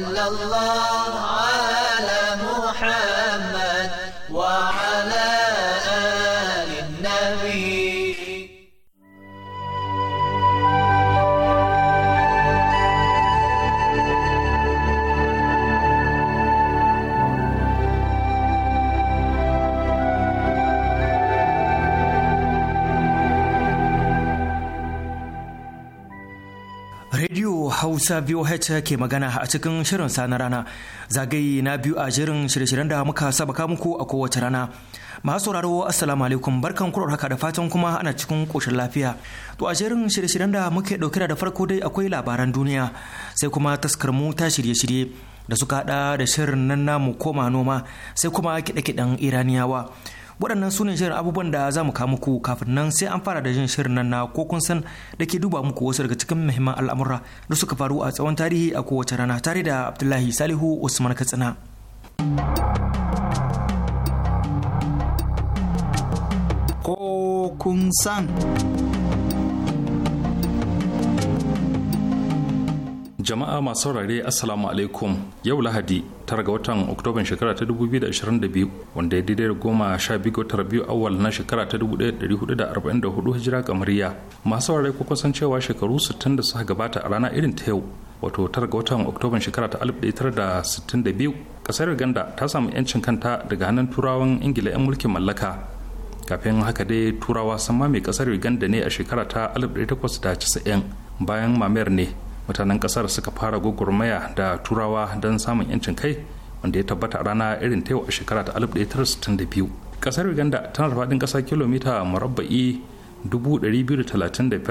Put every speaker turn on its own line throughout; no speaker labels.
sallallahu
Hausa VOH ke magana a cikin shirin sa rana zagaye na biyu a jirin shirye-shiryen da muka saba muku a kowace rana. Masu sauraro Assalamu alaikum barkan kuro haka da fatan kuma ana cikin koshin lafiya. To a jirin shirye-shiryen da muke dauke da farko dai akwai labaran duniya sai kuma taskar mu ta shirye-shirye da suka hada da shirin nan namu koma noma sai kuma kiɗe-kiɗen Iraniyawa. waɗannan su ne shirin abubuwan da za mu kawo muku kafin nan sai an fara da jin shirin nan na ko kun san da ke duba muku wasu daga cikin muhimman al'amura da suka faru a tsawon tarihi a kowace rana tare da abdullahi salihu usman katsina
ko kun san
Jama'a masu saurare Assalamu alaikum yau Lahadi tara ga watan Oktoban shekara ta 2022 wanda ya daidai da goma sha biyu ga tara biyu awal na shekara ta 1444 hijira kamariya. Masu saurare ku kusan cewa shekaru 60 da suka gabata a rana irin ta yau wato tara ga watan Oktoban shekara ta 1962 kasar Uganda ta samu 'yancin kanta daga hannun turawan Ingila 'yan mulkin mallaka. Kafin haka dai turawa sun mame kasar Uganda ne a shekara ta 1890 bayan mamayar ne mutanen kasar suka fara gwagwarmaya da turawa don samun yancin kai wanda ya tabbata a rana irin ta yau a shekara ta 1962 kasar uganda tana da faɗin ƙasa kilomita murabba'i 235,880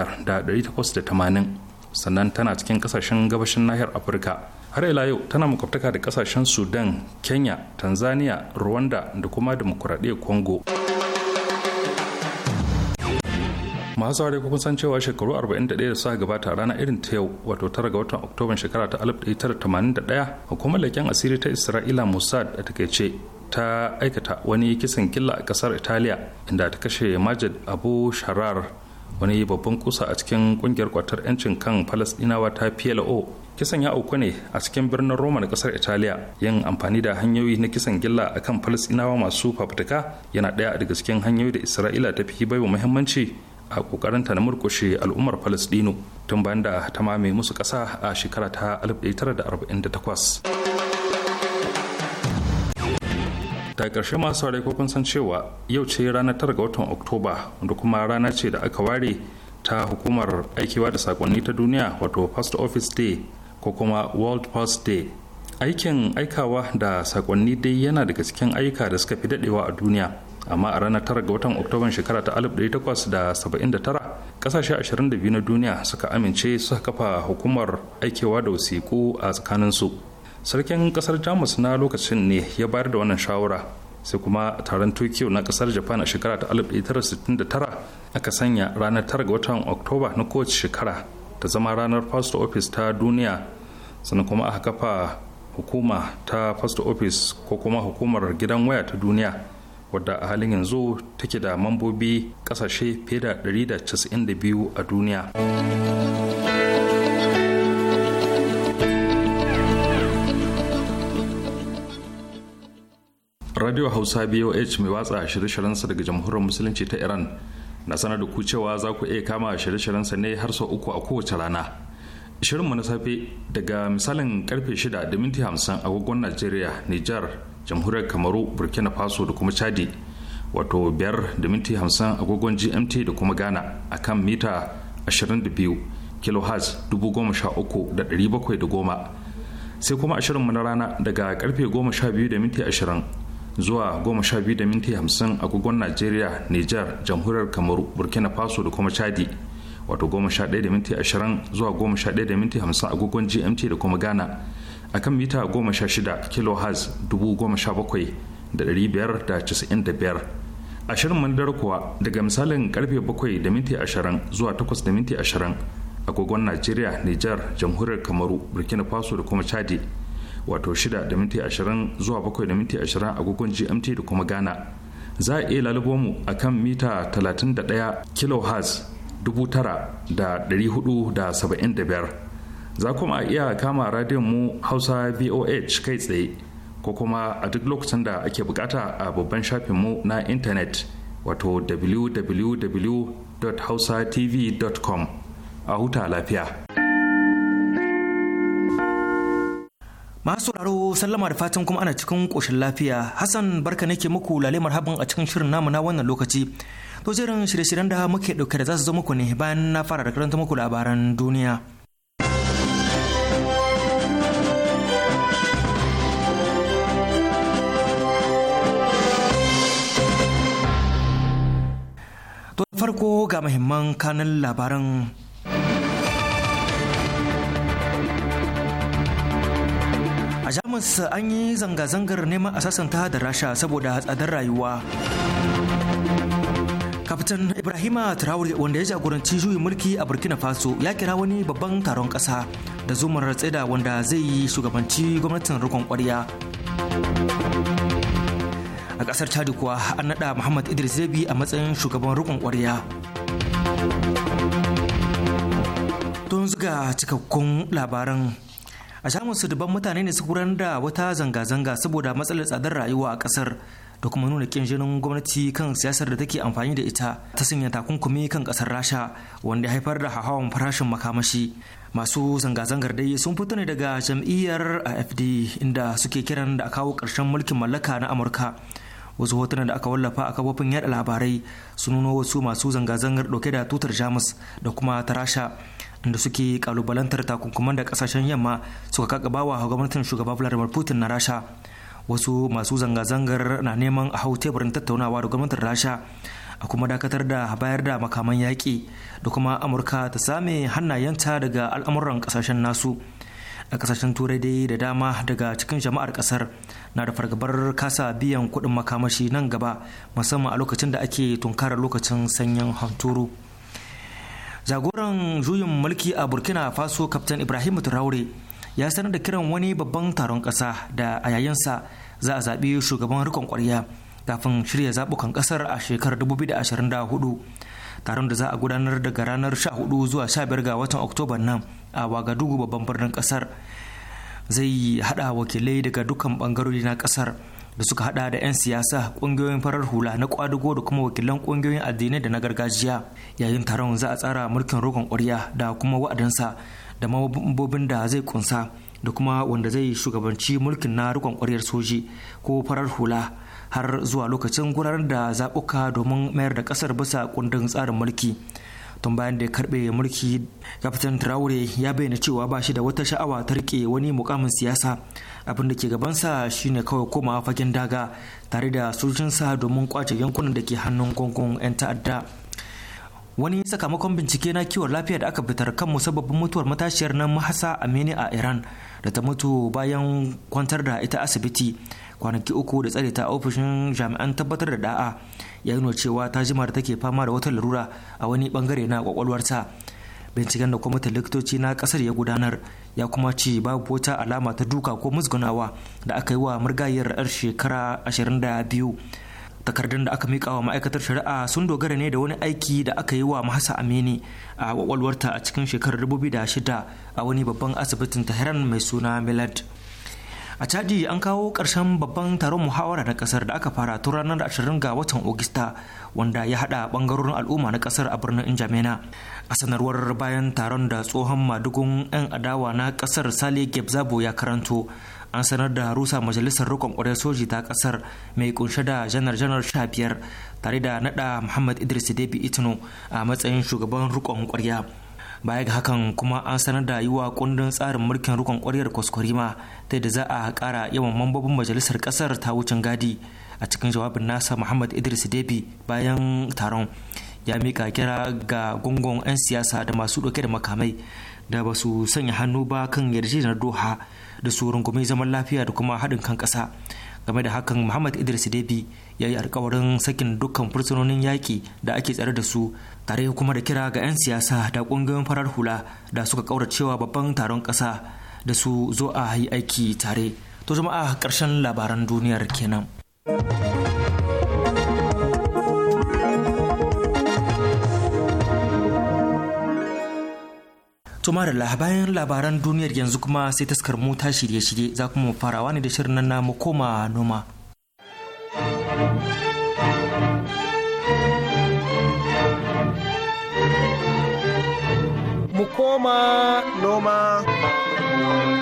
sannan tana cikin kasashen gabashin nahiyar afirka har ila yau tana makwabtaka da kasashen sudan kenya tanzania rwanda da kuma demokuraɗiyyar congo masu saurare kun san cewa shekaru 41 da suka gabata a ranar irin ta yau wato tara ga watan oktoban shekara ta 1981 hukumar leken asiri ta isra'ila mossad a takaice ta aikata wani kisan killa a kasar italiya inda ta kashe majid abu sharar wani babban kusa a cikin kungiyar kwatar 'yancin kan falasdinawa ta plo kisan ya auku ne a cikin birnin roma na kasar italiya yin amfani da hanyoyi na kisan gilla a kan falasdinawa masu fafutuka yana ɗaya daga cikin hanyoyi da isra'ila ta fi baiwa muhimmanci a kokarin ta na murkushe al'ummar palestino tun bayan da ta mame musu kasa a shekara ta 1948 da karshe masu ware kun san cewa yau ce ranar tara ga watan oktoba wanda kuma rana ce da aka ware ta hukumar aikiwa da sakonni ta duniya wato post office day ko kuma world post day aikin aikawa da sakonni dai yana daga cikin ayyuka da suka fi dadewa a duniya amma a ranar 9 ga watan oktoban shekara ta 1879 kasashe 22 na duniya suka amince su kafa hukumar aikewa da wasiƙu a tsakaninsu sarkin kasar jamus na lokacin ne ya bayar da wannan shawara sai kuma taron tokyo na kasar japan a shekara ta 1969 aka sanya ranar 9 ga watan oktoba na kowace shekara ta zama ranar post office ta duniya sannan kuma aka kafa hukuma ta post office ko kuma hukumar gidan waya ta duniya wadda a halin yanzu take da mambobi kasashe fiye da 192 a duniya. Radio Hausa BOH mai watsa shirye sa daga Jamhuriyar Musulunci ta Iran na sanar da ku cewa za ku iya kama shirye sa ne har sau uku a kowace rana. Shirinmu na safe daga misalin karfe 6 da minti agogon Najeriya, Nijar, jamhuriyar kamaru burkina faso da kuma chadi wato 5 da minti 50 agogon gmt da kuma ghana a kan mita 22 kilohertz 13710 sai kuma ashirin na rana daga karfe 12 da minti 20 zuwa 12 da minti 50 agogon nigeria niger jamhuriyar kamaru burkina faso da kuma chadi wato 11 da minti 20 zuwa 11 da minti 50 agogon gmt da kuma ghana a kan mita 16 kilohertz 17,595. Ashirin mandar kuwa daga misalin karfe 7 da minti 20 zuwa 8 da minti 20 agogon Najeriya, Nijar, Jamhuriyar Kamaru, Burkina Faso da kuma Chadi. Wato 6 da minti 20 zuwa 7 da minti 20 agogon GMT da kuma Ghana. Za a iya lalubo mu a kan mita 31 kilohertz 9,475. za kuma a iya kama radiyon mu hausa voh kai tsaye ko kuma a duk lokacin da ake bukata a babban shafin mu na intanet wato www.hausatv.com
a huta lafiya masu sauraro sallama da fatan kuma ana cikin koshin lafiya hassan barka nake muku lalemar habin a cikin shirin namu na wannan lokaci to jerin shirye-shiryen da muke ɗauke da za su zo muku ne bayan na fara da karanta muku labaran duniya farko ga muhimman kanin labaran a jamus an yi zanga-zangar neman a sasanta da rasha saboda tsadar rayuwa kaftan ibrahima traore wanda ya jagoranci juyin mulki a burkina faso ya kira wani babban taron ƙasa da zumar tsida wanda zai yi shugabanci gwamnatin rikon kwarya a kasar chadi kuwa an naɗa muhammad idris zabi a matsayin shugaban rukun kwarya tun zuga cikakkun labaran a su dubban mutane ne su gudanar da wata zanga-zanga saboda matsalar tsadar rayuwa a kasar da kuma nuna kin jinin gwamnati kan siyasar da take amfani da ita ta sanya takunkumi kan kasar rasha wanda ya haifar da hawan farashin makamashi masu zanga-zangar dai sun fito ne daga jam'iyyar afd inda suke kiran da kawo ƙarshen mulkin mallaka na amurka wasu hotunan da aka wallafa a kafofin yada labarai sun nuna wasu masu zanga-zangar dauke da tutar jamus da kuma ta rasha inda suke kalubalantar takunkuman da kasashen yamma suka a gwamnatin shugaba vladimir putin na rasha wasu masu zanga-zangar na neman a hau teburin tattaunawa da gwamnatin rasha a kuma dakatar da bayar da makaman yaƙi da kuma amurka ta same hannayenta daga al'amuran kasashen nasu a kasashen turai dai da dama daga cikin jama'ar kasar na da fargabar kasa biyan kuɗin makamashi nan gaba musamman a lokacin da ake tunkarar lokacin sanyin hanturu jagoran juyin mulki a burkina faso kaftan ibrahim traore ya sanar da kiran wani babban taron ƙasa da a yayinsa za a zaɓi shugaban rikon ƙwarya kafin shirya zaɓukan ƙasar a shekarar 2024 taron da za a gudanar daga ranar 14 zuwa 15 ga watan oktoba nan a wagadugu babban birnin ƙasar zai hada wakilai daga dukkan bangarori na kasar da suka hada da 'yan siyasa kungiyoyin farar hula na kwadugo da kuma wakilan kungiyoyin addinai da na gargajiya yayin taron za a tsara mulkin roƙon ƙwarya da kuma wa'adansa da mambobin da zai kunsa da kuma wanda zai shugabanci mulkin na riƙon ƙwaryar soji ko farar hula har zuwa lokacin gudanar da zaɓuka domin mayar da ƙasar bisa kundin tsarin mulki tun bayan da ya karbe mulki kaftan traore ya bayyana cewa ba shi da wata sha'awa ta rike wani mukamin siyasa abin da ke gabansa shine kawai komawa fagen daga tare da sojinsa domin kwace yankunan da ke hannun gungun 'yan ta'adda wani sakamakon bincike na kiwon lafiya da aka fitar kan musabbabin mutuwar matashiyar nan mahasa amini a iran da ta mutu bayan kwantar da ita asibiti kwanaki uku da tsare ta ofishin jami'an tabbatar da da'a ya nuna cewa ta jima da take fama da wata larura a wani bangare na kwakwalwarta binciken da kwamitin likitoci na kasar ya gudanar ya kuma ce babu wata alama ta duka ko musgunawa da aka yi wa murgayiyar yar shekara 22 takardun da aka mika wa ma'aikatar shari'a sun dogara ne da wani aiki da aka yi wa mahasa amini a kwakwalwarta a cikin shekarar 2006 a wani babban asibitin tehran mai suna milad a chadi an kawo ƙarshen babban taron muhawara na ƙasar da aka fara tun ranar 20 ga watan ogista wanda ya haɗa bangarorin al'umma na ƙasar a birnin injamena a sanarwar bayan taron da tsohon madugun 'yan adawa na ƙasar sale gebzabo ya karanto an sanar da rusa majalisar rikon kwarar soji ta kasar mai kunshe da janar janar sha biyar tare da nada muhammad idris debi itno a matsayin shugaban rikon kwarya baya ga hakan kuma an sanar da yiwa kundin tsarin mulkin rukun kwaryar kwaskwarima ta da za a kara yawan mambobin majalisar kasar ta wucin gadi a cikin jawabin nasa muhammad idris debi bayan taron ya mika kira ga gungun 'yan siyasa da masu dauke da makamai da ba su sanya hannu ba kan yarjejeniyar doha da su rungumi zaman lafiya da kuma haɗin kan ƙasa game da hakan muhammad idris debi ya yi alkawarin sakin dukkan fursunonin yaƙi da ake tsare da su tare kuma da kira ga 'yan siyasa da ƙungiyoyin farar hula da suka ƙauracewa babban taron ƙasa da su zo a yi aiki tare to jama'a ƙarshen labaran duniyar kenan. To Marilla bayan labaran duniyar yanzu kuma sai taskar mota shirye-shirye za kuma farawa ne da shirin nan namu koma noma.
Mu koma noma.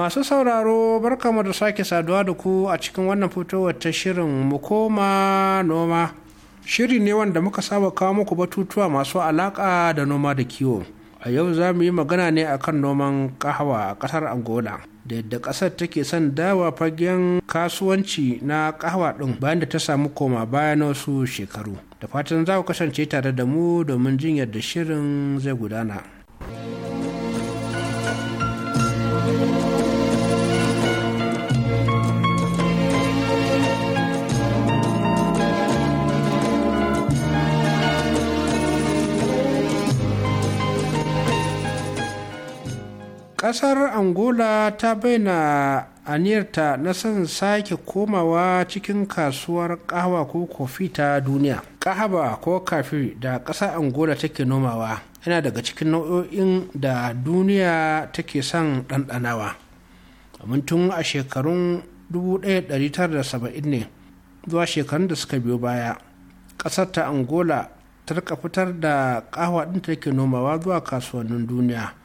masu sauraro barkamu da sake saduwa da ku a cikin wannan fitowar ta shirin mu koma noma shiri ne wanda muka saba kawo muku batutuwa masu alaƙa da noma da kiwo a yau za mu yi magana ne akan noman kahawa a ƙasar angola da yadda ƙasar take son dawa fagen kasuwanci na kahawa ɗin bayan da ta samu koma bayan wasu shekaru da fatan za ku kasance tare da mu domin jin yadda shirin zai gudana. ƙasar angola ta bayyana aniyarta na son sake komawa cikin kasuwar kahawa ko kofi ta duniya kahaba ko kafi da ƙasar angola take nomawa yana daga cikin nau'o'in da duniya take son ɗanɗanawa domin tun a shekarun 1970 ne zuwa shekarun da suka biyo baya ƙasar ta angola ta fitar da ƙahawa ɗin take nomawa zuwa kasuwannin duniya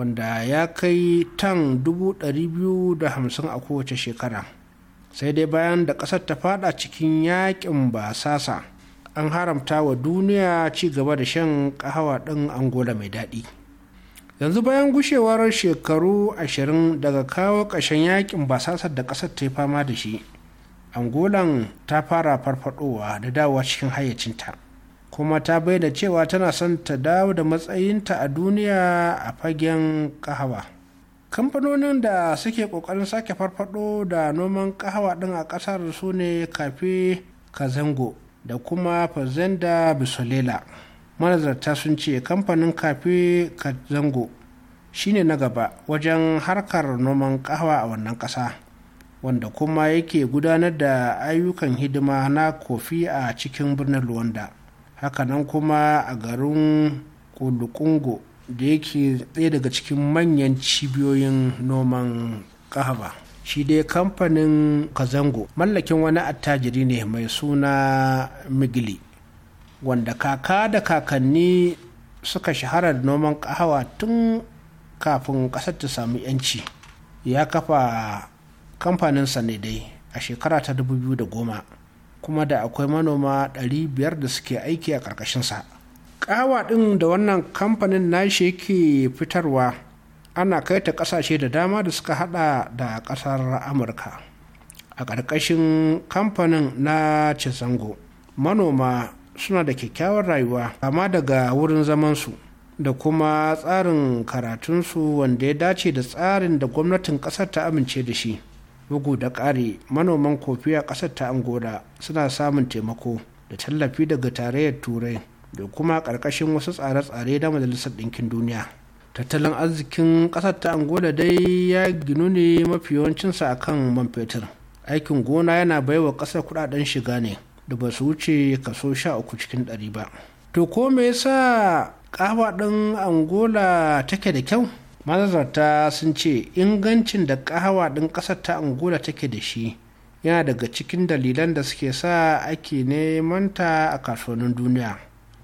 wanda ya kai tan 250 a kowace shekara sai dai bayan da ƙasar ta fada cikin yakin basasa an haramta wa duniya ci gaba da shan kahawa ɗin angola mai daɗi yanzu bayan gushewar shekaru 20 daga kawo ƙashen yakin basasar da ƙasar ta yi fama da shi angolan ta fara farfadowa da dawowa cikin hayyacinta kuma ta bayyana cewa tana son ta dawo da matsayinta a duniya a fagen kahawa kamfanonin da suke kokarin sake farfado da noman kahawa din a kasar su ne kafe kazango da kuma fazenda bisolela manazarta sun ce kamfanin kafe kazango shine na gaba wajen harkar noman kahawa a wannan kasa wanda kuma yake gudanar da ayyukan hidima na kofi a cikin birnin luwanda hakanan kuma a garin kulukungo da yake ɗaya daga cikin manyan cibiyoyin noman kahaba shi dai kamfanin kazango mallakin wani attajiri ne mai suna migili wanda kaka da kakanni suka shahara da noman kahawa tun kafin ƙasar ta samu 'yanci ya kafa kamfaninsa ne dai a shekara ta 2010 kuma da akwai manoma ɗari biyar da suke aiki a ƙarƙashinsa ƙawa ɗin da wannan kamfanin nashi yake fitarwa ana kai ta ƙasashe da dama da suka haɗa da ƙasar amurka a ƙarƙashin kamfanin na cizango manoma suna da kyakkyawar rayuwa amma daga wurin zamansu da kuma tsarin karatunsu wanda ya dace da tsarin da gwamnatin ƙasar ta amince da shi bugu da ƙari manoman kofi a ƙasar ta angola suna samun taimako da tallafi daga tarayyar turai da kuma ƙarƙashin wasu tsare-tsare na majalisar ɗinkin duniya tattalin arzikin ƙasar ta angola dai ya ginu ne mafi yawancinsa a kan man fetur aikin gona yana baiwa ƙasar kuɗaɗen shiga ne da ba su wuce kaso sha uku cikin ɗari ba to ko me yasa ƙafa ɗin angola take da kyau manazarta sun ce ingancin da kahawa ɗin ƙasar ta angola take da shi yana daga cikin dalilan da suke sa ake neman ta a kasuwannin duniya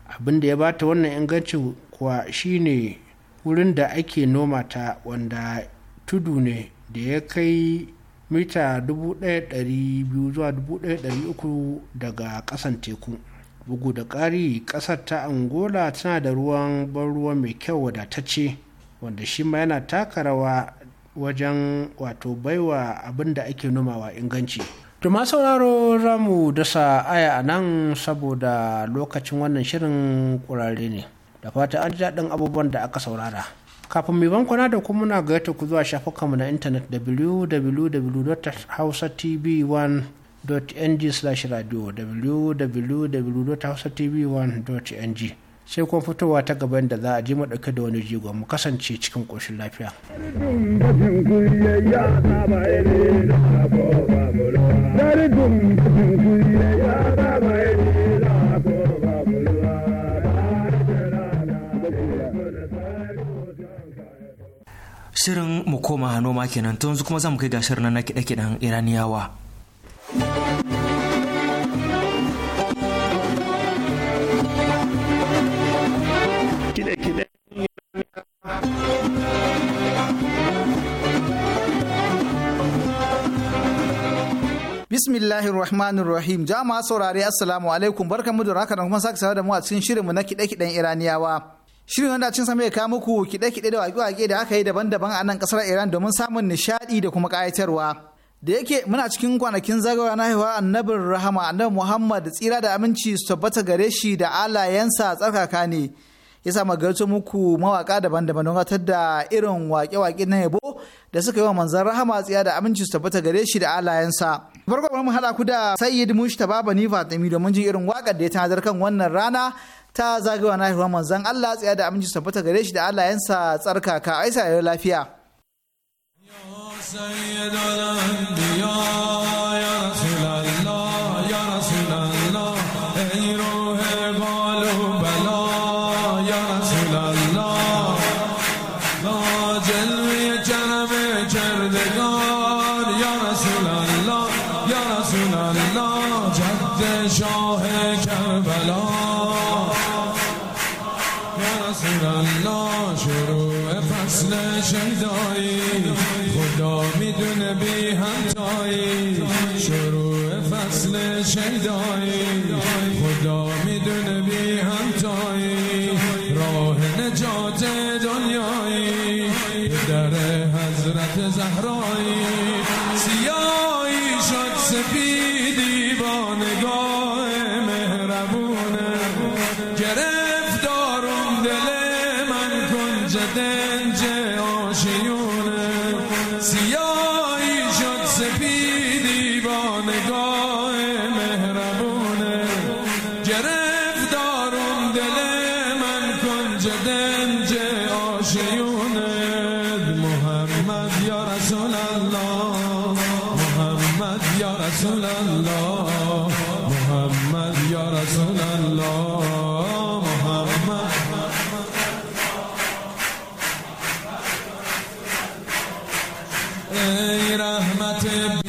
abin da ya bata wannan ingancin kuwa shine wurin da ake noma ta wanda tudu ne da ya kai mita 1200 1300 daga ƙasan teku bugu da ƙari ƙasar ta angola tana da ruwan ban ruwa mai kyau wadatacce wanda shi ma yana taka rawa wajen wato baiwa abin da ake nomawa inganci Tuma sauraro ramu dasa aya a nan saboda lokacin wannan shirin kurare ne da fata an ji daɗin abubuwan da aka saurara kafin mai bankwana da kuma muna gayyata ku zuwa shafukanmu na intanet www.hausatv1.ng/radio www.hausatv1.ng sai kuma fitowa ta gaban da za a ji mu dauke da wani jigo mu kasance cikin koshin lafiya
Shirin mu koma noma kenan tun kuma za mu kai ga shirin na kiɗe-kiɗen Iraniyawa.
Bismillahir Rahmanir Rahim. Jama'a saurare Assalamu alaikum mu da raka da kuma sake da mu a cikin shirinmu na kiɗe-kiɗen Iraniyawa. Shirin wanda cin sama ya kawo muku kiɗe-kiɗe da waƙe-waƙe da aka yi daban-daban a nan ƙasar Iran domin samun nishaɗi da kuma kayatarwa. Da yake muna cikin kwanakin zagawa na haihuwa annabin rahama annabi Muhammad tsira da aminci su tabbata gare shi da alayensa tsarkaka ne. Ya sa magarto muku mawaka daban-daban don gatar da irin waƙe-waƙe na yabo da suka yi wa manzan rahama tsira da aminci su tabbata gare shi da alayensa. Farko bari mu hada ku da Sayyid baba Bani Fatimi domin jin irin wakar da ya tanadar kan wannan rana ta zagawa na haihuwa manzon Allah tsaya da aminci tabbata gare shi da Allah yansa tsarkaka aisa ya lafiya.
Ya شیدایی خدا میدونه بی همتایی راه نجات برحمة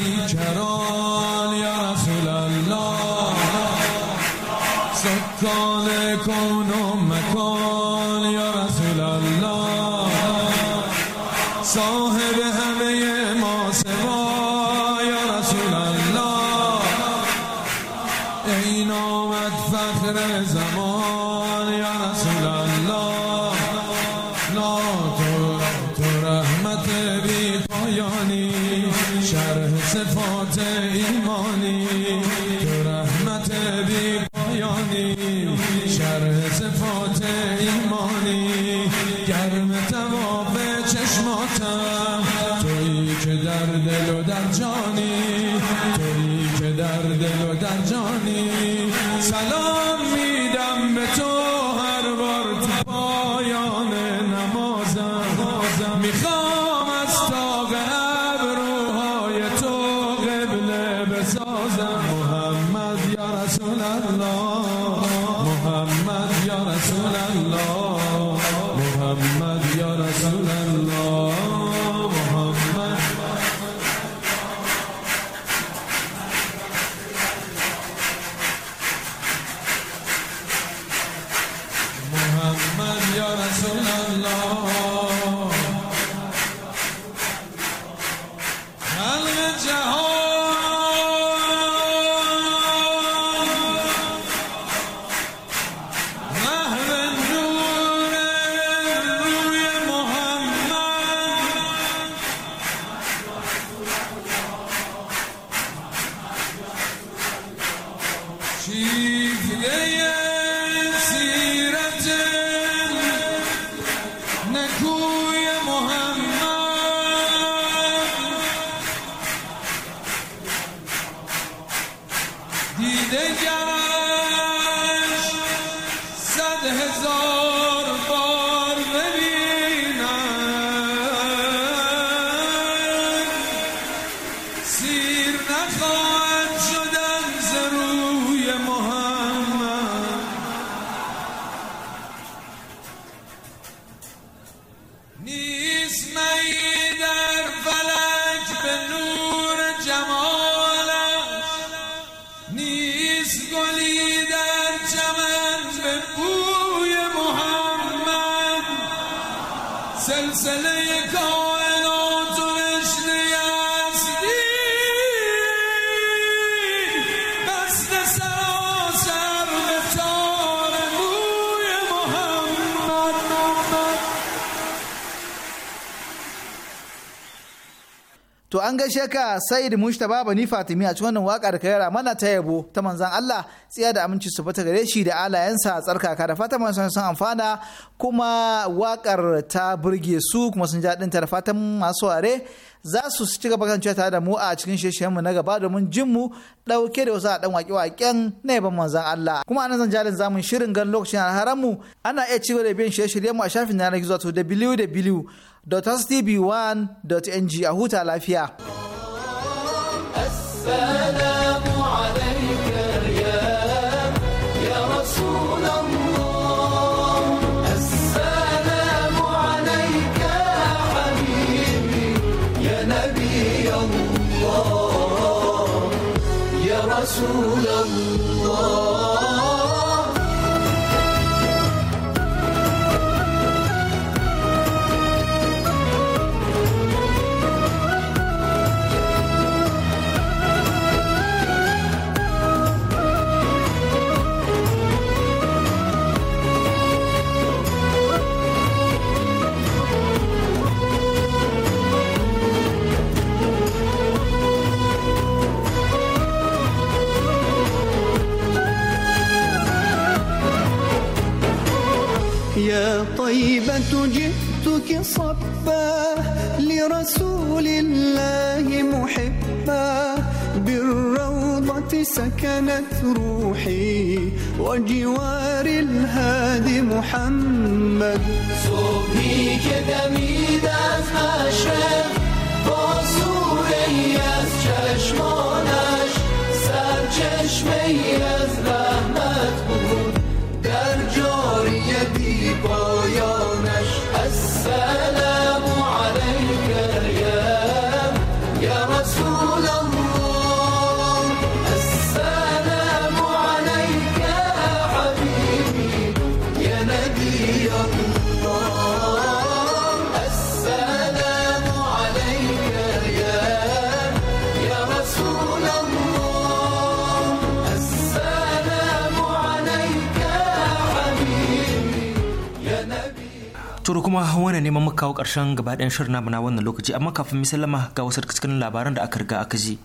To an gaishe ka Said Mushtaba Bani Fatimi a cikin wannan waka da kayara mana ta yabo ta manzan Allah tsiya da aminci su fita gare shi da alayensa tsarkaka da fatan masu sun amfana kuma wakar ta burge su kuma sun ji ta da fatan masu ware za su ci gaba kasancewa tare da mu a cikin shirye na gaba domin jin mu dauke da wasu dan waƙe-waƙen na yaban manzan Allah. Kuma anan zan jalin zamun shirin gan lokacin alharan mu ana iya ci da biyan shirye-shiryenmu a shafin yanar gizo to dot ng. a huta lafiya.
了你，我。me
kuma wani neman muka kawo ƙarshen gabaɗayan shirin namu na wannan lokaci amma kafin misalama ga wasu cikin labaran da aka riga aka ji.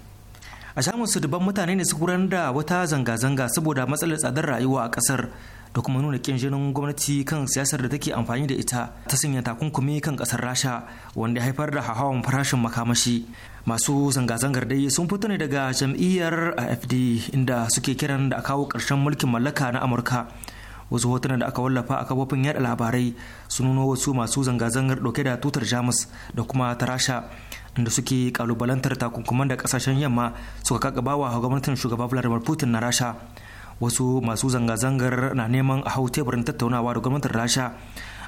A su dubban mutane ne su gudanar da wata zanga-zanga saboda matsalar tsadar rayuwa a ƙasar da kuma nuna kin jinin gwamnati kan siyasar da take amfani da ita ta sanya takunkumi kan kasar rasha wanda ya haifar da hawan farashin makamashi masu zanga-zangar dai sun fito ne daga jam'iyyar afd inda suke kiran da a kawo ƙarshen mulkin mallaka na amurka wasu hotunan da aka wallafa a kafofin yada labarai sun nuna wasu masu zanga-zangar dauke da tutar jamus da kuma tarasha inda suke kalubalantar takunkuman da kasashen yamma suka wa gwamnatin shugaba vladimir putin na rasha wasu masu zanga-zangar na neman a hau teburin tattaunawa da gwamnatin rasha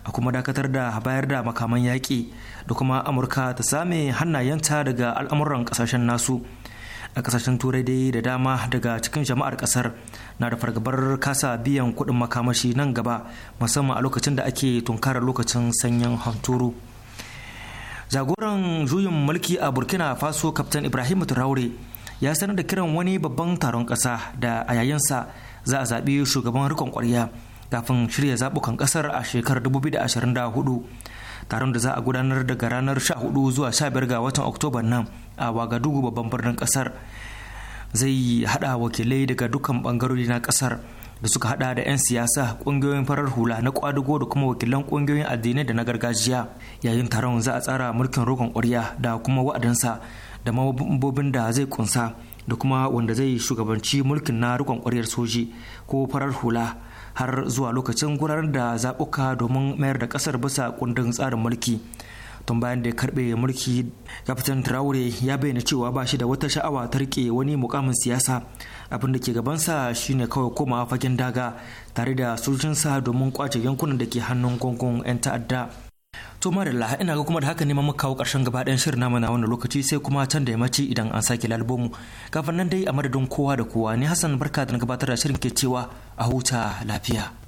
a kuma dakatar da bayar da makaman yaƙi da kuma amurka ta same hannayenta daga al'amuran kasashen nasu a kasashen turai dai da dama daga cikin jama'ar kasar na da fargabar kasa biyan kuɗin makamashi nan gaba musamman a lokacin da ake tunkarar lokacin sanyin hanturu jagoran juyin mulki a burkina faso kaftan ibrahim traore ya sanar da kiran wani babban taron kasa da a yayinsa za a zaɓi shugaban rikon kwarya kafin shirya zaɓukan ƙasar a shekarar 2024 taron da za a gudanar daga ranar 14 zuwa 15 ga watan oktoba nan a wagadugu babban birnin kasar zai hada wakilai daga dukkan bangarori na kasar da suka hada da 'yan siyasa kungiyoyin farar hula na kwadugo da kuma wakilan kungiyoyin addinai da na gargajiya yayin taron za a tsara mulkin roƙon ƙwarya da kuma wa'adansa da mabobin da zai kunsa da kuma wanda zai shugabanci mulkin na rokon kwaryar soji ko farar hula har zuwa lokacin gudanar da zaɓuka domin mayar da ƙasar bisa kundin tsarin mulki tun bayan da ya karbe mulki kaftan traore ya bayyana cewa ba shi da wata sha'awa ta rike wani mukamin siyasa abin da ke gabansa shine kawai koma fagen daga tare da sojinsa domin kwace yankunan da ke hannun gungun 'yan ta'adda to madalla ina ga kuma da haka ne muka kawo karshen gaba ɗayan shirin namu na wannan lokaci sai kuma can da yammaci idan an sake lalbomu kafin nan dai a madadin kowa da kowa ne hassan barka da gabatar da shirin ke cewa a huta lafiya